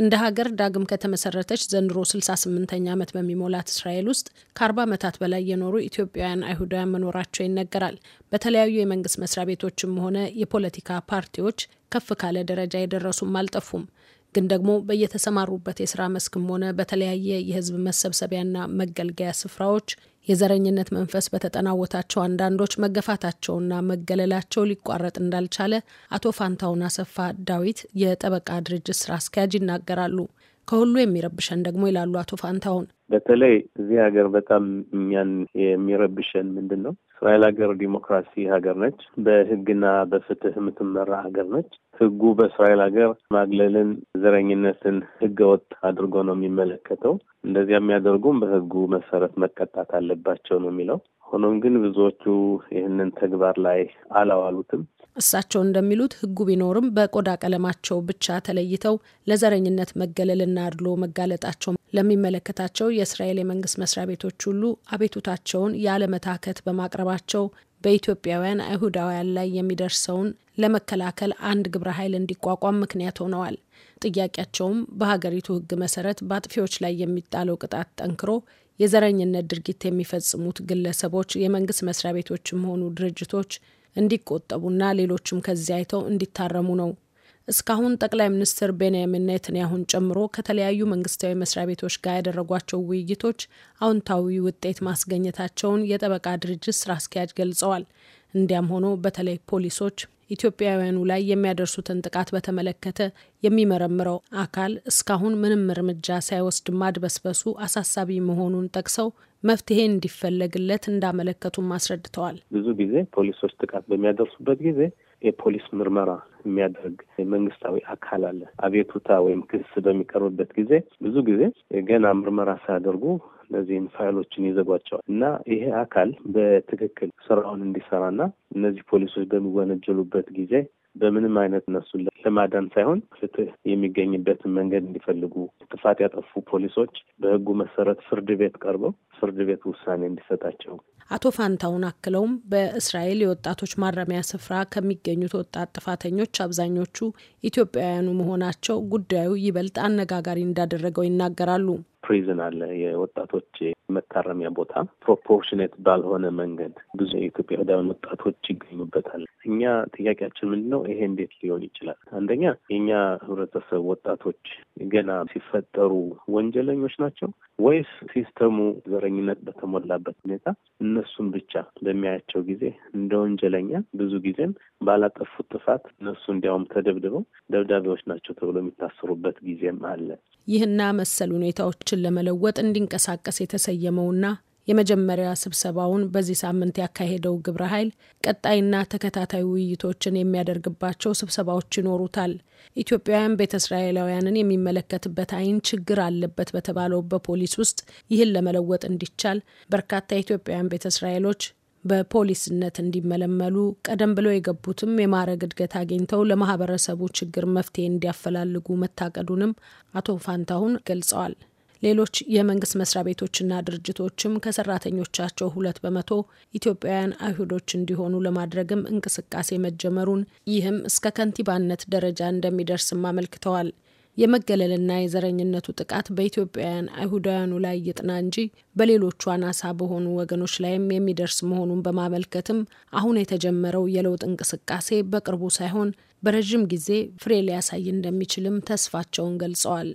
እንደ ሀገር ዳግም ከተመሰረተች ዘንድሮ 68ኛ ዓመት በሚሞላት እስራኤል ውስጥ ከ40 ዓመታት በላይ የኖሩ ኢትዮጵያውያን አይሁዳውያን መኖራቸው ይነገራል። በተለያዩ የመንግስት መስሪያ ቤቶችም ሆነ የፖለቲካ ፓርቲዎች ከፍ ካለ ደረጃ የደረሱም አልጠፉም። ግን ደግሞ በየተሰማሩበት የስራ መስክም ሆነ በተለያየ የህዝብ መሰብሰቢያና መገልገያ ስፍራዎች የዘረኝነት መንፈስ በተጠናወታቸው አንዳንዶች መገፋታቸውና መገለላቸው ሊቋረጥ እንዳልቻለ አቶ ፋንታውን አሰፋ ዳዊት የጠበቃ ድርጅት ስራ አስኪያጅ ይናገራሉ። ከሁሉ የሚረብሸን ደግሞ ይላሉ አቶ ፋንታውን፣ በተለይ እዚህ ሀገር በጣም እኛን የሚረብሸን ምንድን ነው እስራኤል ሀገር ዲሞክራሲ ሀገር ነች። በህግና በፍትህ የምትመራ ሀገር ነች። ህጉ በእስራኤል ሀገር ማግለልን፣ ዘረኝነትን ህገወጥ አድርጎ ነው የሚመለከተው። እንደዚያ የሚያደርጉም በህጉ መሰረት መቀጣት አለባቸው ነው የሚለው። ሆኖም ግን ብዙዎቹ ይህንን ተግባር ላይ አላዋሉትም። እሳቸው እንደሚሉት ሕጉ ቢኖርም በቆዳ ቀለማቸው ብቻ ተለይተው ለዘረኝነት መገለልና አድሎ መጋለጣቸው ለሚመለከታቸው የእስራኤል የመንግስት መስሪያ ቤቶች ሁሉ አቤቱታቸውን ያለመታከት በማቅረባቸው በኢትዮጵያውያን አይሁዳውያን ላይ የሚደርሰውን ለመከላከል አንድ ግብረ ኃይል እንዲቋቋም ምክንያት ሆነዋል። ጥያቄያቸውም በሀገሪቱ ህግ መሰረት በአጥፊዎች ላይ የሚጣለው ቅጣት ጠንክሮ የዘረኝነት ድርጊት የሚፈጽሙት ግለሰቦች የመንግስት መስሪያ ቤቶችም ሆኑ ድርጅቶች እንዲቆጠቡና ሌሎችም ከዚህ አይተው እንዲታረሙ ነው። እስካሁን ጠቅላይ ሚኒስትር ቤንያሚን ኔትንያሁን ጨምሮ ከተለያዩ መንግስታዊ መስሪያ ቤቶች ጋር ያደረጓቸው ውይይቶች አዎንታዊ ውጤት ማስገኘታቸውን የጠበቃ ድርጅት ስራ አስኪያጅ ገልጸዋል። እንዲያም ሆኖ በተለይ ፖሊሶች ኢትዮጵያውያኑ ላይ የሚያደርሱትን ጥቃት በተመለከተ የሚመረምረው አካል እስካሁን ምንም እርምጃ ሳይወስድ ማድበስበሱ አሳሳቢ መሆኑን ጠቅሰው መፍትሄ እንዲፈለግለት እንዳመለከቱም አስረድተዋል። ብዙ ጊዜ ፖሊሶች ጥቃት በሚያደርሱበት ጊዜ የፖሊስ ምርመራ የሚያደርግ መንግስታዊ አካል አለ። አቤቱታ ወይም ክስ በሚቀርብበት ጊዜ ብዙ ጊዜ ገና ምርመራ ሳያደርጉ እነዚህን ፋይሎችን ይዘጓቸዋል እና ይሄ አካል በትክክል ስራውን እንዲሰራና እነዚህ ፖሊሶች በሚወነጀሉበት ጊዜ በምንም አይነት እነሱን ለማዳን ሳይሆን ፍትህ የሚገኝበትን መንገድ እንዲፈልጉ ጥፋት ያጠፉ ፖሊሶች በህጉ መሰረት ፍርድ ቤት ቀርበው ፍርድ ቤት ውሳኔ እንዲሰጣቸው አቶ ፋንታውን አክለውም በእስራኤል የወጣቶች ማረሚያ ስፍራ ከሚገኙት ወጣት ጥፋተኞች አብዛኞቹ ኢትዮጵያውያኑ መሆናቸው ጉዳዩ ይበልጥ አነጋጋሪ እንዳደረገው ይናገራሉ። ፕሪዝን አለ፣ የወጣቶች መታረሚያ ቦታ ፕሮፖርሽኔት ባልሆነ መንገድ ብዙ የኢትዮጵያውያን ወጣቶች ይገኙበታል። እኛ ጥያቄያችን ምንድን ነው? ይሄ እንዴት ሊሆን ይችላል? አንደኛ የእኛ ህብረተሰብ ወጣቶች ገና ሲፈጠሩ ወንጀለኞች ናቸው ወይስ ሲስተሙ ዘረኝነት በተሞላበት ሁኔታ እነሱን ብቻ በሚያያቸው ጊዜ እንደ ወንጀለኛ ብዙ ጊዜም ባላጠፉት ጥፋት እነሱ እንዲያውም ተደብድበው ደብዳቤዎች ናቸው ተብሎ የሚታሰሩበት ጊዜም አለ። ይህና መሰል ሁኔታዎችን ለመለወጥ እንዲንቀሳቀስ የተሰየመውና የመጀመሪያ ስብሰባውን በዚህ ሳምንት ያካሄደው ግብረ ኃይል ቀጣይና ተከታታይ ውይይቶችን የሚያደርግባቸው ስብሰባዎች ይኖሩታል። ኢትዮጵያውያን ቤተ እስራኤላውያንን የሚመለከትበት አይን ችግር አለበት በተባለው በፖሊስ ውስጥ ይህን ለመለወጥ እንዲቻል በርካታ ኢትዮጵያውያን ቤተ እስራኤሎች በፖሊስነት እንዲመለመሉ ቀደም ብለው የገቡትም የማዕረግ እድገት አግኝተው ለማህበረሰቡ ችግር መፍትሄ እንዲያፈላልጉ መታቀዱንም አቶ ፋንታሁን ገልጸዋል። ሌሎች የመንግስት መስሪያ ቤቶችና ድርጅቶችም ከሰራተኞቻቸው ሁለት በመቶ ኢትዮጵያውያን አይሁዶች እንዲሆኑ ለማድረግም እንቅስቃሴ መጀመሩን ይህም እስከ ከንቲባነት ደረጃ እንደሚደርስም አመልክተዋል። የመገለልና የዘረኝነቱ ጥቃት በኢትዮጵያውያን አይሁዳውያኑ ላይ ይጥና እንጂ በሌሎቹ አናሳ በሆኑ ወገኖች ላይም የሚደርስ መሆኑን በማመልከትም አሁን የተጀመረው የለውጥ እንቅስቃሴ በቅርቡ ሳይሆን በረዥም ጊዜ ፍሬ ሊያሳይ እንደሚችልም ተስፋቸውን ገልጸዋል።